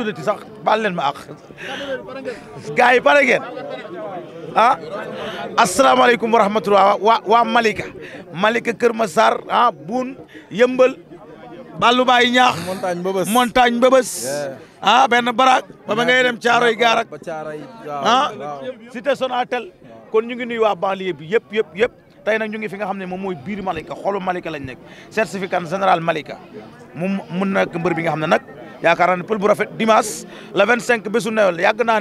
tuddati sax baal leen ma àq gars yi pare ngeen ah asalaamaaleykum wa rahmatulah waa waa Malika Malika Kër Masar ah Buun Yëmbal Ballu Baay Ñaax montagne Mbëbës montagne Mbëbës ah benn baraak ba ba ngay dem Caaroy Gaarak ah cité Sonatel kon ñu ngi nuyu waa banlieue bi yëpp yëpp yëpp tey nag ñu ngi fi nga xam ne moom mooy biir Malika xolu Malika lañ nekk certificat général Malika mun nekk mbër bi nga xam ne nag yaakaar naa ne pël bu rafet dimanche le 25 bésu Noël yàgg naa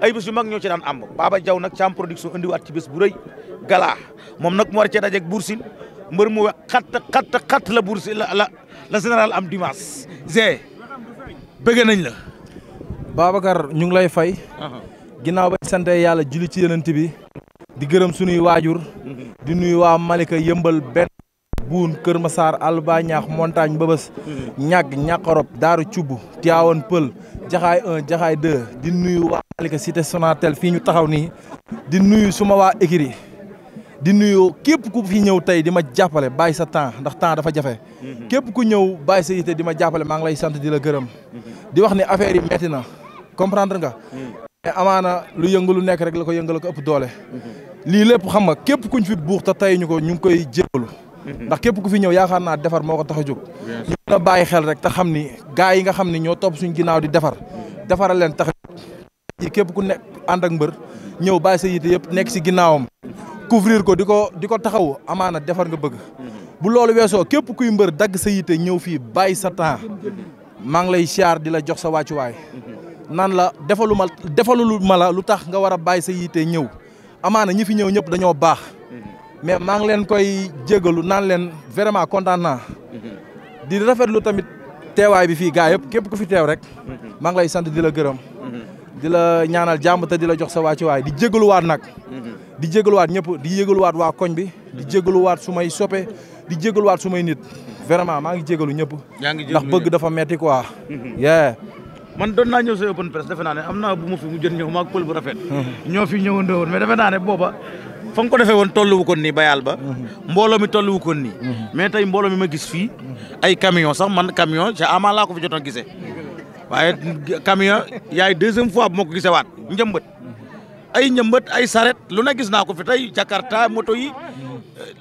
ay bés yu mag ñoo ci daan am Baba Diaw nag cam production indiwaat ci bés bu rëy gala moom nag moo war cee dajeeg Boursine mbër mu xat xat xat la Boursine la la la général am dimanche. bëgg nañ la. Babacar ñu ngi lay fay. ginnaaw bañ sante yàlla julli ci yonent bi. di gërëm sunuy waajur. Mhm. di nuyu waa Malika yëmbal benn buun Kër Massar Alba ñaax montagne Mbëbës. ñàgg ñàqorop daaru cubb Tiawoon Pël jaxaay 1 jaxaay 2 di nuyu waa Malika cité Sonatel fii ñu taxaw nii di nuyu suma waa écrit di nuyu képp ku fi ñëw tey di ma jàppale bàyyi sa temps ndax temps dafa jafe. képp ku ñëw bàyyi sa yite di ma jàppale maa ngi lay sant di la gërëm. di wax ne affaire yi metti na comprendre nga. mais amaana lu yëngu lu nekk rek la ko yëngal ko ëpp doole. lii lépp xam nga képp kuñ fi buux te tey ñu ko ñu ngi koy jébalu. ndax képp ku fi ñëw yaakaar naa defar moo ko tax a jóg ñu mën a bàyyi xel rek te xam ni gaa yi nga xam ni ñoo topp suñ ginnaaw di defar defaral leen tax yi képp ku nekk ànd ak mbër ñëw bàyyi sa yite yëpp nekk si ginnaawam couvrir di ko di ko taxaw amaana defar nga bëgg mhm. bu loolu weesoo képp kuy mbër dagg sa yite ñëw fii bàyyi sa temps maa ngi lay siyaar di la jox sa wàccuwaay mhm. nan la defalu ma defalu ma la lu tax nga war a bàyyi sa yite ñëw amaana ñi fi ñëw ñëpp dañoo baax mais maa ngi leen koy jégalu naan leen vraiment kontaan naa di rafetlu tamit teewaay bi fii gaa yëpp képp ku fi teew rek maa ngi lay sant di la gërëm di la ñaanal jàmm te di la jox sa wàccuwaay di jégaluwaat nag di jégaluwaat ñëpp di jégaluwaat waa koñ bi di jégaluwaat su may soppe di jégaluwaat su may nit vraiment maa ngi jégalu ñëpp ndax bëgg dafa metti quoi mhm. yee man doon naa ñëw sa open press defe naa ne am naa bu ma fi mu jën ñëw maag pël bu rafet ñoo fi ñëwandoo woon mais defe naa ne fa nga ko defee woon tolluwu ko nii bayaal ba mhm. mbooloo mi tolluwu ko nii mhm. mais tey mbooloo mi ma gis fii ay camion sax man camion ca ama laa ko fi jotoon gisee waaye camion yaay deuxième fois bu ma ko waat njëmbat ay njëmbat ay saret lu na gis naa ko fi tey jakarta moto yi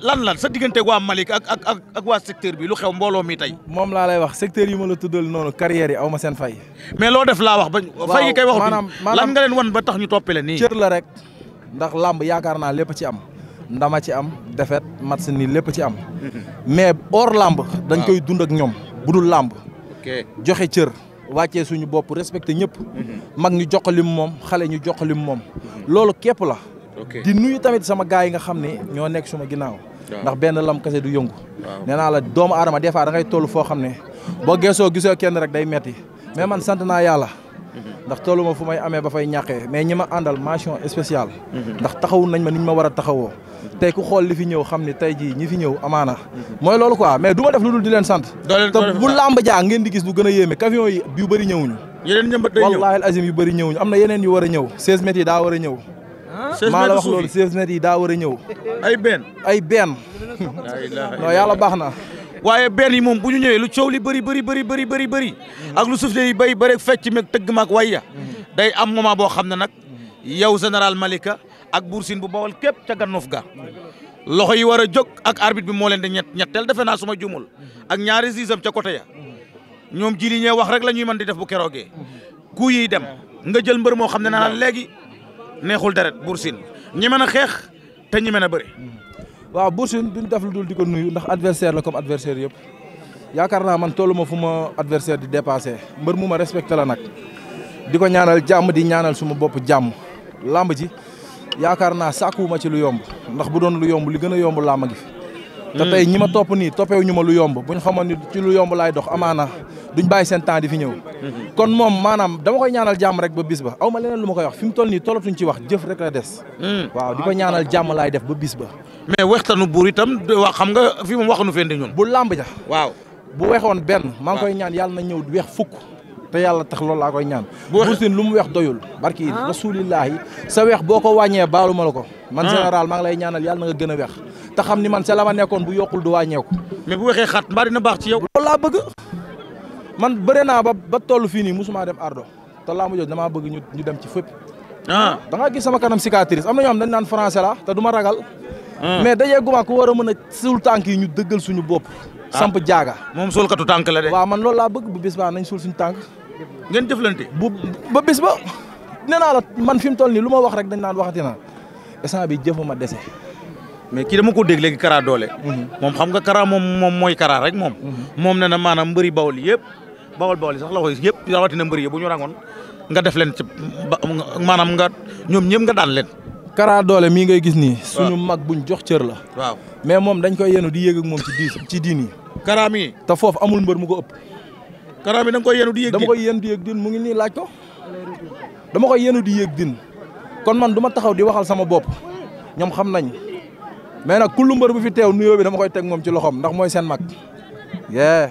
lan lan sa diggante waa Malick ak ak ak ak waa secteur bi lu xew mbooloo mi tey. moom laa lay wax secteur yi ma la tuddal noonu carrière yi aw ma seen fay. mais loo def laa wax ba. fay gi kay wax bi lan nga leen wan ba tax ñu toppale nii. cër la rek. ndax làmb yaakaar naa lépp ci am ndama ci am defet match ni lépp ci am mais hors làmb dañ koy dund ak ñoom bu dul làmb joxe cër wàccee suñu bopp respecté ñëpp mhm. mag ñu jox li mu moom xale ñu jox li mu moom mhm. loolu képp la di nuyu tamit sama gars yi nga xam ne ñoo nekk suma ginnaaw ndax benn lam kase du yëngu nee naa la doomu aadama des fois da ngay toll foo xam ne boo geesoo gisoo kenn rek day metti mais man sant naa yàlla ndax tollu ma fu may amee ba fay ñàqee mais ñi ma àndal mention spéciale ndax taxawu nañ ma niñ ma war a taxawoo tey ku xool li fi ñëw xam ne tey jii ñi fi ñëw amaana mooy loolu quoi mais du ma def lu dul di leen sant te bu làmb jaa ngeen di gis du gën a yéeme camion yi yu bëri ñëwuñu wallahi azim yu bëri ñëwuñu am na yeneen yi war a ñëw 16 mètres yi daa war a ñëw maa la wax loolu 16 mètres yi daa war a ñëw ay benn ay benn non baax na waaye benn yi moom bu ñu ñëwee lu coow li bëri bëri bëri bëri bëri bëri ak lu sufle yi bay bëri fecc meg tëgg maak wayya day am moment boo xam ne nag yow général Malika ak Bour bu bawal képp ca gannoof ga loxo yi war a jóg ak arbitre bi moo leen di ñett ñetteel defe naa suma jumul ak ñaari siisam ca côté ya ñoom ji li ñee wax rek la ñuy mën di def bu keroogee ku yiy dem nga jël mbër moo xam ne naa naan léegi neexul deret Bour Sine ñi mën a xeex te ñi mën a bëri waaw Bour Sine nu def lu dul di ko nuyu ndax adversaire la comme adversaire yëpp yaakaar naa man tollu ma fu ma adversaire di dépassé mbër mu ma respecté la nag di ko ñaanal jàmm di ñaanal suma bopp jàmm làmb ji yaakaar naa sàkkuwuma ci lu yomb ndax bu doon lu yomb li gën a yomb làmb gi fi te hmm. tey ñi ma topp nii toppewu ñu ma lu yomb buñ xamoon ni ci lu yomb laay dox amaana duñ bàyyi seen temps di fi ñëw mhm. kon moom maanaam dama koy ñaanal jàmm rek ba bis ba aw ma leneen lu ma koy wax fi mu toll nii tolatuñ ci wax jëf rek la des mhm. waaw di ko ñaanal jàmm laay def ba bis ba mais waxtaanu buur itam wax xam nga fi moom waxanu fende ñun bu làmb ja waaw bu weexoon benn maa ngi koy ñaan yàlla na ñëw weex fukk te yàlla tax loolu laa koy ñaan bursin lu mu weex doyul barki yi ah. rasulillahi sa weex boo ko wàññee baalu ma la ko man ah. général maa ngi lay ñaanal yàlla na nga gën a weex te xam ni man bu yokkul du wàññeeku mais bu weexee xat mbaa dina baax ci man bëre naa ba ba toll fii nii mosuma dem ardo te laa mu jot damaa bëgg ñu ñu dem ci fépp. ah da ngaa gis sama kanam cicatrice am na ñoo xam dañ naan français la te du ma ragal. Ah. mais dajee guma ku war a mën a suul tànk yi ñu dëggal suñu bopp. Ah. samp jaaga. moom suul katu tànk la de. waa man loolu laa bëgg bu bis ba nañ suul suñu tànk. ngeen lante bu ba bis ba nee naa la man fi mu toll nii lu ma wax rek dañ naan waxati naa instant bi a dese. mais kii dama ko dégg léegi Kara mhm. moom xam nga Kara moom moom mooy Kara rek moom. Mhm. moom nee na maanaam mbëri bawol yëpp. bawol bawol yi sax la yëpp rawatina mbër yi bu ñu nga def leen ci maanaam nga ñoom ñëpp nga daan leen. Kara doole mii ngay gis nii. suñu mag buñ jox cër la. waaw mais moom dañ koy yenu di yég moom ci diis ci diin yi. Kara mii. te foofu amul mbër mu ko ëpp. Kara mii da koy yenu di din dama koy yenu di yéeg din mu ngi nii laaj ko. dama koy yenu di yéeg din kon man du taxaw di waxal sama bopp ñoom xam nañ mais nag kullu mbër bu fi teew nuyoo bi dama koy teg moom ci loxoom ndax mooy seen mag. Ah.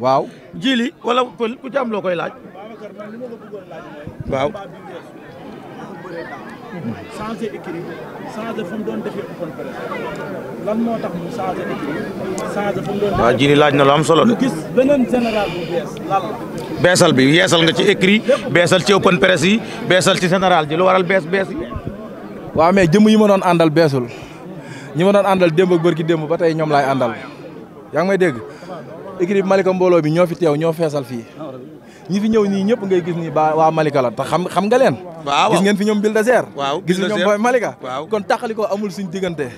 waaw. jili wala koy laaj. waaw. changé laaj na lu am solo de. beesal bi yeesal nga ci écrit beesal ci open press yi beesal ci général ji lu waral bees bees yi. waaw mais jëmm yi ma doon àndal beesul ñi ma doon àndal démb ak bërki démb ba tey ñoom laay àndal yaa ngi dégg. équipe Malika mbooloo bi ñoo fi teew ñoo feesal fii ñi fi ñëw ñii ñëpp ngay gis nii baa waa Malika la xam xam nga leen. waaw gis ngeen fi ñoom Bulldozer. waaw gis ñoom booy Malika. waaw kon taxali ko amul suñu diggante.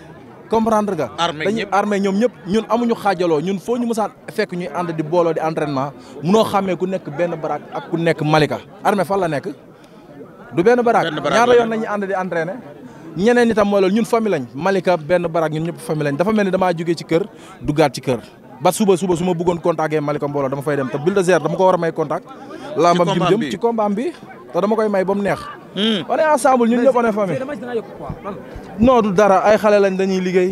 comprendre nga. armée dañuy armée ñoom ñëpp ñun amuñu xaajaloo ñun foo ñu mësaan fekk ñuy ànd di booloo di entraînement munoo xàmmee ku nekk benn baraak ak ku nekk Malika. armée fan la nekk du benn baraak ñaata yoon nañu ànd di entraîné. ñeneen itam mooy loolu ñun famille lañ Malika benn baraak ñun ñëpp famille lañ dafa mel ni damaa jógee ci kër duggaat ci kër ba suba suba su ma bëggoon contacter Malika Mbooloo dama fay dem te Bulldozer dama ko war a may contact. lambam jim jëm ci combat bi te koy may ba mu neex. Hmm. on est ensemble ñun ñëpp on est famille. non du dara ay xale lañ dañuy liggéey.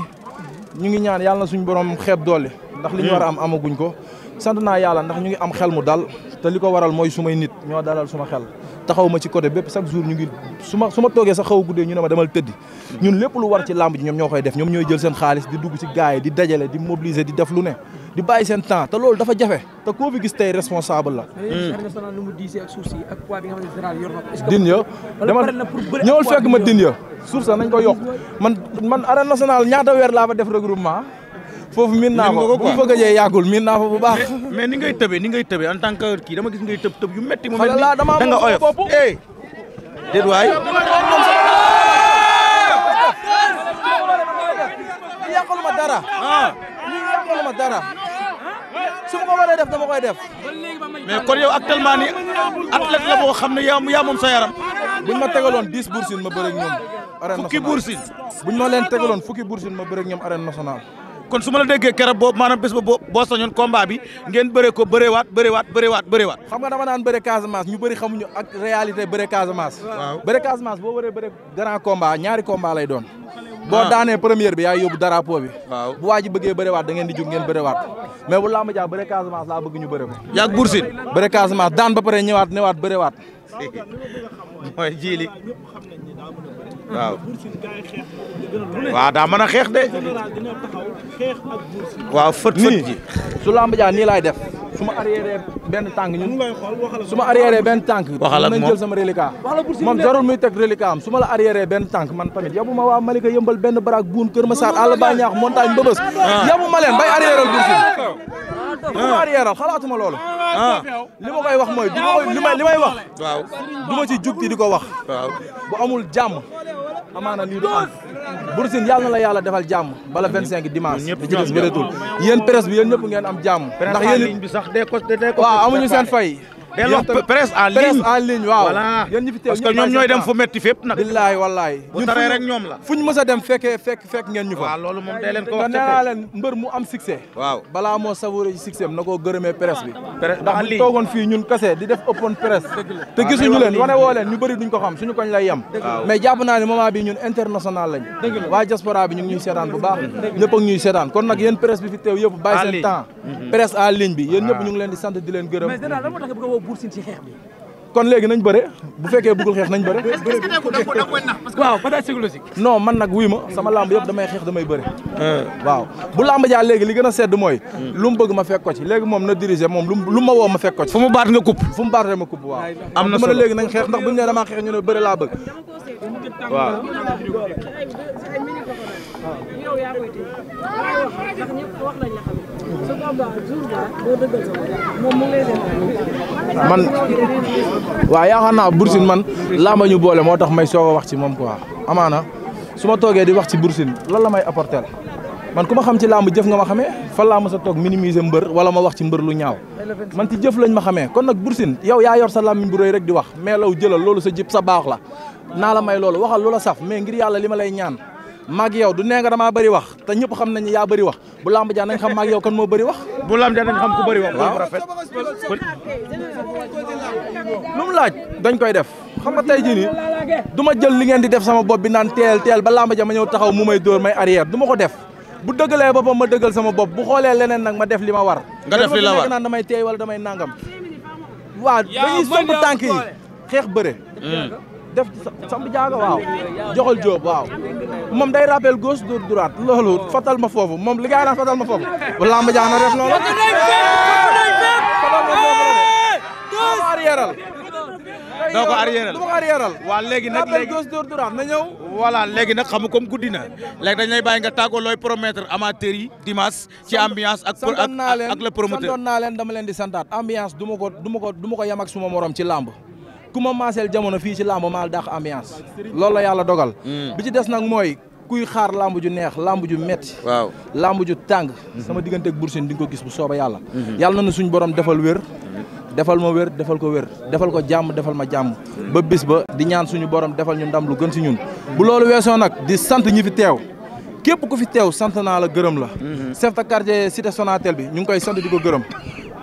ñu ngi ñaan yàlla suñu borom xeeb doole. ndax li ñu hmm. war a am amaguñ ko. sant naa yàlla ndax ñu ngi am xel mu dal te li ko waral mooy sumay nit ñoo dalal suma xel taxaw ma ci côté bépp chaque jour ñu ngi su ma ma toogee sax xaw a guddee ñu ne ma demal tëddi hmm. ñun lépp lu war ci làmb ji ñoom ñoo koy def ñoom ñooy jël seen xaalis di dugg ci gaay di dajale di mobiliser di def lu ne di bàyyi seen temps te loolu dafa jafe te koo fi gis tey responsable la. Hmm. din ya dama ñëwal fekk ma din ya suuf sax nañ ko yokk man man arène nationale ñaata weer laa fa def regroupement. foofu miin naa ko bu bëgg a jee yàggul miin naa bu baax. mais ni ngay tëbee ni ngay tëbee en tant que kii dama gis ngay tëb tëb yu metti mu mel ni da nga oyof eh déet waay. ma ah! dara. yàqaluma dara. Ah! su ma waree def dama koy def. mais kon yow actuellement ni athlète la boo xam ne yaa yaa moom sa yaram. buñ ma tegaloon dix boursines ma bëreeg ñoom. arène nationale fukki boursines. ma leen tegaloon fukki boursines ma bëreeg ñoom arène nationale. kon su ma la déggee keroog boo maanaam bés ba boo boo sañoon combat bi ngeen bëree ko bëreewaat bëreewaat bëreewaat bëreewaat. xam nga dama naan bëre Casamance ñu bëri xamuñu ak réalité bëre Casamance. waaw bëre Casamance boo waree bëre grand combat ñaari combat lay doon. boo ah. daanee première bi yaay yóbbu drapeau bi bu waa ji bëggee bëriwaat da ngeen di jóg ngeen bëriwaat mais bu làmb jaa bëre Casamance laa bëgg ñu bëri ko yaag bursin bëre Casamance daan ba pare ñëwaat ñëwaat bëriwaat mooy jiili waaw waaw daa mën a xeex de. waa fët fët ji. su lamb jaa nii laay def su ma arrière benn tànk ñun su ma arrière benn tànk. waxal ak moom jël sama reliquat. moom jarul muy teg reliquat su ma la arrière benn tànk man tamit yabu ma waa Malika yëmbal benn baraak buun Kër Massar àll ba ñaax montagne mbëbës. yabu ma leen bay arrière Bour du ma arrière xalaatuma loolu ah. Ah. li ma koy wax mooy du li may li may wax waaw du ma ci jug di ko wax bu amul jàmm amaana lii du am Bour Sine yàlla na la yàlla defal jàmm bala vingt cinq dimanche di ci des bëreetul yéen presse yen yéen ñëpp ngeen am jàmm ndax yéen bi sax waaw amuñu seen fay delloo presse en ligne presse en ligne waaw. voilà parce que ñoom ñooy dem fu metti fépp nag. billaay bu taree rek ñoom la. fuñ mës a dem fekkee fekk fekk ngeen ñu fa. ko wax nee naa leen mbër koo gërëmee presse bi. fii ñun kese di def te gisuñu leen wane woo ñu bëri duñ ko xam suñu koñ lay yem. mais jàpp naa ne bi ñun international lañ. waa diaspora bi ñu ngi seetaan kon nag yéen presse bi fi teew yëpp bàyyi seen Mm-hmm. presse en ligne bi yéen ñëpp ñu ngi leen di sant di leen gërëm. mais général lan moo tax nga bëgg a woo Bour Sine ci xeex bi. kon léegi nañ bëre bu fekkee bëggul xeex nañ bëre. waaw bataille psychologique. man nag wuy ma sama lamb yëpp damay xeex damay bëre. Euh. waaw bu lamb jaa léegi li gën a sedd mooy. Mm. lu mu bëgg ma fekk ko ci léegi moom na diriger moom lu ma woo ma fekk ko ci. fu mu baat nga coupe. fu mu baat rek ma waaw. am na solo léegi nañ xeex ndax bu ñu nee damaa xeex ñu ne bëre laa bëgg yow yaa koy téye mu ngi lay def man waaw yaakaar naa Bour man làmb boole moo tax may soog a wax ci moom quoi amaana su ma toogee di wax ci Bour Sine la may aportel man ku ma xam ci làmb jëf nga ma xamee fa laa ma sa toog minimiser mbër wala ma wax ci mbër lu ñaaw man ci jëf lañ ma xamee kon nag Bour Sine yow yaa yor sa làmmiñ bu rëy rek di wax mais law jëlal loolu sa jëpp sa baax la naa la may loolu waxal lu la saf mais ngir yàlla li ma lay ñaan maag yow du nee nga damaa bëri wax te ñëpp xam nañu yaa bëri wax bu lamb ja nañ xam maag yow kan moo bari wax. bu lamb ja nañ xam ku bëri wax. waaw rafet lu mu laaj dañ koy def xam nga tey jii du ma jël li ngeen di def sama bopp bi naan teel teel ba lamb ja ma ñëw taxaw mu may dóor may arrière du ma ko def. bu dëggalee boppam ma dëgël sama bopp bu xoolee leneen nag ma def li ma war. nga def li la war naan damay teey wala damay nangam. waa dañuy somb tànk yi xeex bëre. Hmm. def samp jaaga waaw joxal jóob waaw moom day rappel gauche dóor droite loolu fatal ma foofu moom li gaay naan fatal ma foofu bu làmb jaa na def noonu fatal ma foofu doo ko arrièral doo ko arrièral doo na ñëw voilà léegi nag xam nga comme guddi na léegi dañ lay bàyyi nga tàggoo looy promettre amateur yi dimanche ci ambiance ak ak le promoteur santoon naa leen dama leen di santaat ambiance du ko ma ko du ma ko yem ak suma morom ci làmb ku ma maaseel jamono fii ci làmb maal dàq ambiance loolu la yàlla dogal mm. bi ci des nag mooy kuy xaar làmb ju neex làmb ju metti waaw lamb ju tàng mm-hmm. sama digganteeg Boursin di nga ko gis bu sooba yàlla mm-hmm. yàlla na suñu boroom defal wér mm-hmm. defal ma wér defal ko wér defal ko jàmm defal ma jàmm ba bis ba di ñaan suñu borom defal ñu ndam lu gën si ñun bu loolu weesoo nag di sant ñi fi teew képp ku fi teew sant naa la gërëm la chef de quartier cité Sonatel bi ñu ngi koy sant di ko gërëm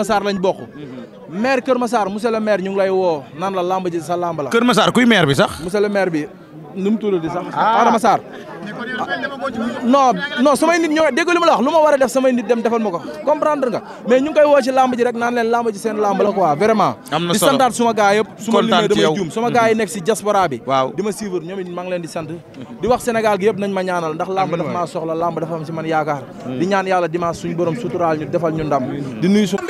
Massar lañ bokk. maire Kër Massar monsieur le maire ñu ngi lay woo naan la lamb ji sa lamb la. Kër Massar kuy maire bi sax. monsieur le maire bi nu mu tudd di sax. Ah. Adama Sarr. non non samay nit ñëwee la wax lu ma war a def samay nit dem defal ma ko comprendre nga mais ñu ngi woo ci lamb ji rek naan leen lamb ji seen lamb la quoi vraiment. di santaat suma gars yëpp. kontaan ci ma damay juum suma gars yi nekk si diaspora bi. di ma suivre ñoom it leen di sant.